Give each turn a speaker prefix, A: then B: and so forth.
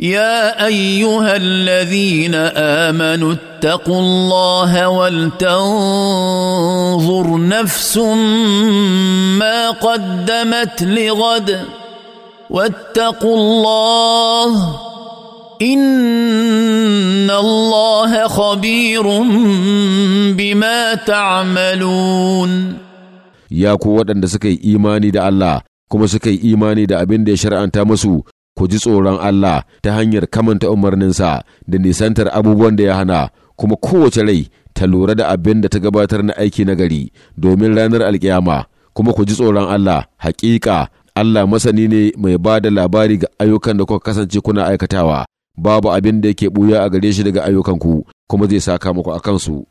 A: يا ايها الذين امنوا اتقوا الله ولتنظر نفس ما قدمت لغد واتقوا الله ان الله خبير بما تعملون
B: يا قوه ان سكي ايماني ده الله kuma suka yi imani da abin da ya shar'anta musu ku ji tsoron Allah ta hanyar kamanta umarninsa da nisantar abubuwan da ya hana kuma kowace rai ta lura da abin da ta gabatar na aiki na gari domin ranar alkiyama kuma ku ji tsoron Allah hakika Allah masani ne mai ba da labari ga ayyukan da kuka kasance kuna aikatawa babu abin da yake buya a gare shi daga ayyukanku kuma zai saka muku a kansu